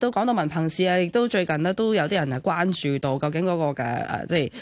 都講到文憑試啊，亦都最近呢都有啲人係關注到究竟嗰、那個嘅誒，即係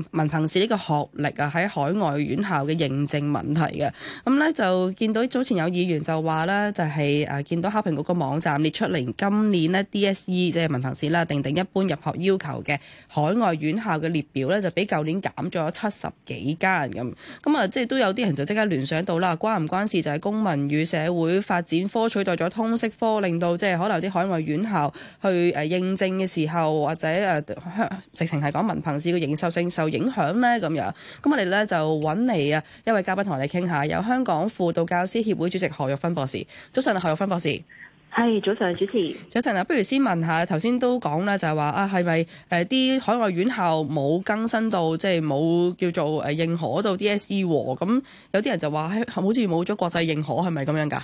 係文憑試呢個學歷啊，喺海外院校嘅認證問題嘅。咁呢，就見到早前有議員就話呢，就係誒見到考評局個網站列出嚟今年呢 DSE 即係文憑試啦，定定一般入學要求嘅海外院校嘅列表呢，就比舊年減咗七十幾間咁。咁啊，即係都有啲人就即刻聯想到啦，關唔關事就係公民與社會發展科取代咗通識科，令到即係可能啲海外院校。去誒認證嘅時候，或者誒、啊、直情係講文憑試嘅認受性受影響咧，咁樣。咁我哋咧就揾嚟啊一位嘉賓同我哋傾下，有香港輔導教師協會主席何玉芬博士。早晨，啊，何玉芬博士，係早晨，主持。早晨。啊，不如先問下頭先都講咧，就係話啊，係咪誒啲海外院校冇更新到，即係冇叫做誒認可到 DSE 喎？咁有啲人就話好似冇咗國際認可，係咪咁樣㗎？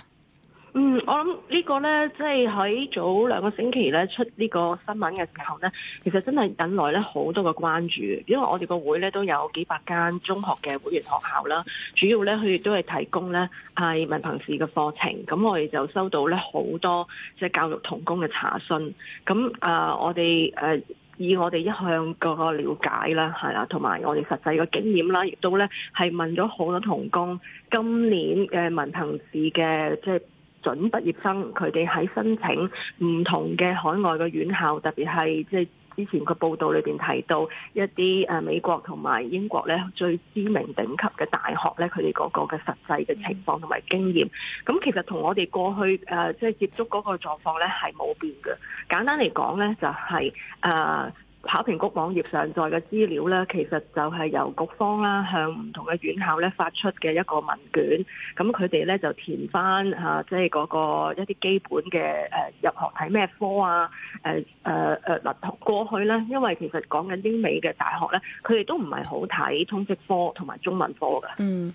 嗯，我諗呢個呢，即係喺早兩個星期呢出呢個新聞嘅時候呢，其實真係引來呢好多個關注，因為我哋個會呢都有幾百間中學嘅會員學校啦，主要呢，佢亦都係提供呢係文憑試嘅課程，咁我哋就收到呢好多即係教育同工嘅查詢，咁啊、呃，我哋誒、呃、以我哋一向個了解啦，係啦，同埋我哋實際嘅經驗啦，亦都呢係問咗好多同工今年嘅文憑試嘅即係。就是準畢業生佢哋喺申請唔同嘅海外嘅院校，特別係即係之前個報導裏邊提到一啲誒美國同埋英國咧最知名頂級嘅大學咧，佢哋嗰個嘅實際嘅情況同埋經驗，咁其實同我哋過去誒即係接觸嗰個狀況咧係冇變嘅。簡單嚟講咧就係、是、誒。呃考評局網頁上載嘅資料呢，其實就係由局方啦向唔同嘅院校呢發出嘅一個問卷，咁佢哋呢就填翻嚇，即係嗰個一啲基本嘅入學睇咩科啊，誒誒誒嗱過去呢，因為其實講緊英美嘅大學呢，佢哋都唔係好睇通識科同埋中文科㗎。嗯。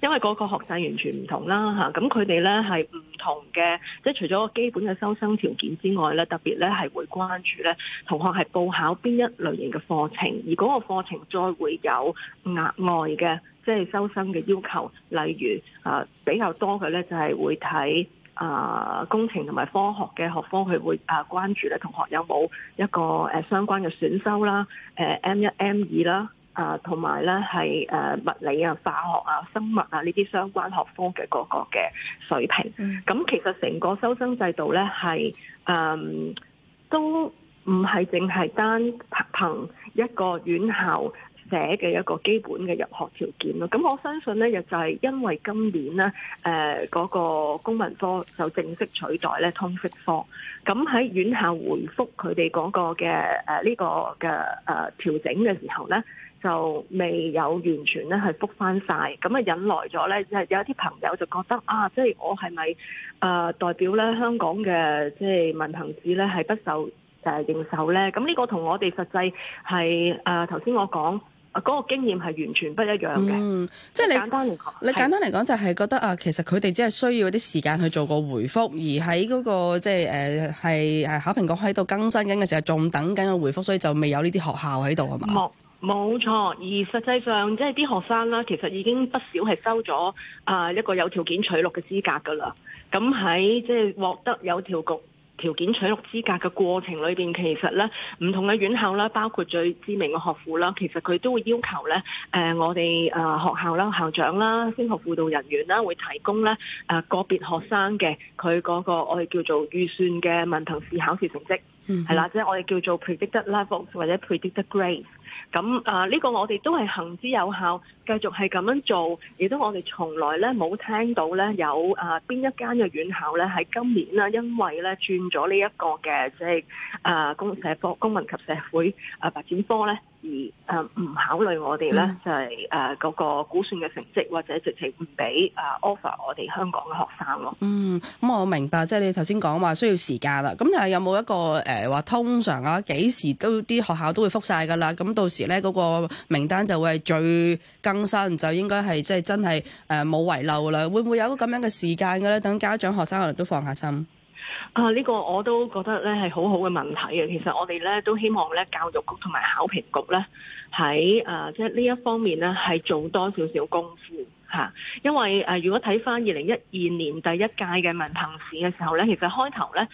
因為嗰個學制完全唔同啦嚇，咁佢哋咧係唔同嘅，即係除咗基本嘅收生條件之外咧，特別咧係會關注咧同學係報考邊一類型嘅課程，而嗰個課程再會有額外嘅即係收生嘅要求，例如啊比較多嘅咧就係會睇啊工程同埋科學嘅學科，佢會啊關注咧同學有冇一個誒相關嘅選修啦，誒 M 一 M 二啦。啊，同埋咧係誒物理啊、化學啊、生物啊呢啲相關學科嘅嗰個嘅水平。咁、嗯、其實成個收生制度咧係誒都唔係淨係單憑一個院校寫嘅一個基本嘅入學條件咯。咁我相信咧亦就係、是、因為今年咧誒嗰個公民科就正式取代咧通識科，咁喺院校回覆佢哋嗰個嘅誒呢個嘅誒、呃、調整嘅時候咧。就未有完全咧，係復翻曬咁啊，引來咗咧，即係有啲朋友就覺得啊，即係我係咪、呃、代表咧香港嘅即係文憑紙咧係不受誒、呃、認受咧？咁呢個同我哋實際係誒頭先我講嗰、呃那個經驗係完全不一樣嘅。嗯，即係你簡單嚟講，你簡單嚟講就係、是、覺得啊，其實佢哋只係需要啲時間去做個回覆，而喺嗰、那個即係考評局喺度更新緊嘅時候，仲等緊個回覆，所以就未有呢啲學校喺度係嘛？冇。冇錯，而實際上即係啲學生啦，其實已經不少係收咗啊、呃、一個有條件取錄嘅資格噶啦。咁喺即係獲得有條局條件取錄資格嘅過程裏邊，其實咧唔同嘅院校啦，包括最知名嘅學府啦，其實佢都會要求咧，誒、呃、我哋誒學校啦、校長啦、升學輔導人員啦，會提供咧誒、呃、個別學生嘅佢嗰個我哋叫做預算嘅文憑試考試成績，係、嗯、啦、嗯，即係、就是、我哋叫做 predicted levels 或者 predicted grades 咁啊，呢個我哋都係行之有效，繼續係咁樣做，亦都我哋從來咧冇聽到咧有啊邊一間嘅院校咧喺今年啦，因為咧轉咗呢一個嘅即係啊公社科、公民及社會啊發展科咧。而誒唔考慮我哋咧，就係誒嗰個估算嘅成績，或者直情唔俾誒 offer 我哋香港嘅學生咯。嗯，咁我明白，即係你頭先講話需要時間啦。咁但係有冇一個誒話通常啊幾時都啲學校都會覆晒噶啦？咁到時咧嗰個名單就會係最更新，就應該係即係真係誒冇遺漏啦。會唔會有個咁樣嘅時間嘅咧？等家長學生我哋都放下心。啊！呢個我都覺得咧係好好嘅問題啊。其實我哋咧都希望咧教育局同埋考評局咧喺啊，即係呢一方面咧係做多少少功夫。因為、呃、如果睇翻二零一二年第一屆嘅文憑試嘅時候咧，其實開頭咧，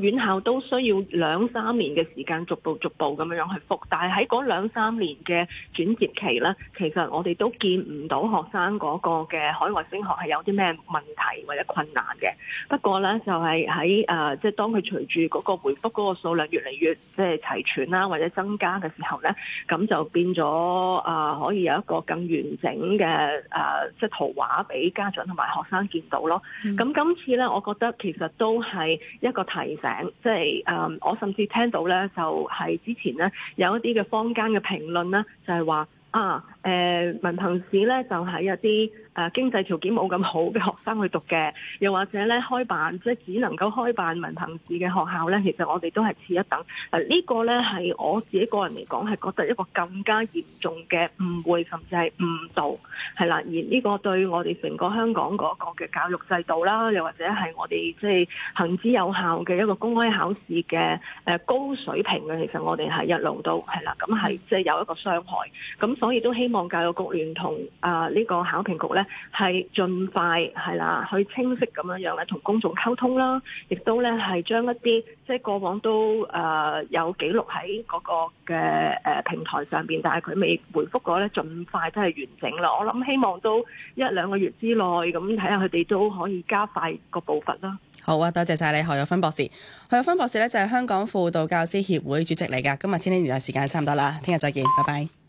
院校都需要兩三年嘅時間，逐步逐步咁樣去復。但係喺嗰兩三年嘅轉接期咧，其實我哋都見唔到學生嗰個嘅海外升學係有啲咩問題或者困難嘅。不過咧，就係喺呃、即係當佢隨住嗰個回覆嗰個數量越嚟越即係齊全啦、啊，或者增加嘅時候咧，咁就變咗啊、呃，可以有一個更完整嘅誒。呃即係圖畫俾家長同埋學生見到咯，咁今次咧，我覺得其實都係一個提醒，即係誒，我甚至聽到咧，就係之前咧有一啲嘅坊間嘅評論咧，就係話啊。誒、呃、文憑試咧，就係、是、一啲誒、呃、經濟條件冇咁好嘅學生去讀嘅，又或者咧開辦即係、就是、只能夠開辦文憑試嘅學校咧，其實我哋都係次一等。呃這個、呢個咧係我自己個人嚟講係覺得一個更加嚴重嘅誤會，甚至係誤導係啦。而呢個對我哋成個香港嗰個嘅教育制度啦，又或者係我哋即係行之有效嘅一個公開考試嘅誒、呃、高水平嘅，其實我哋係一路都係啦，咁係即係有一個傷害。咁所以都希望。希望教育局聯同啊呢、呃這個考評局呢，係盡快係啦，去清晰咁樣樣咧，同公眾溝通啦，亦都呢，係將一啲即係過往都誒有記錄喺嗰個嘅誒、呃、平台上邊，但係佢未回覆過呢，盡快都係完整啦。我諗希望都一兩個月之內咁睇下佢哋都可以加快個步伐啦。好啊，多謝晒你何玉芬博士。何玉芬博士呢，就係、是、香港輔導教師協會主席嚟噶。今日千禧年代時間差唔多啦，聽日再見，拜拜。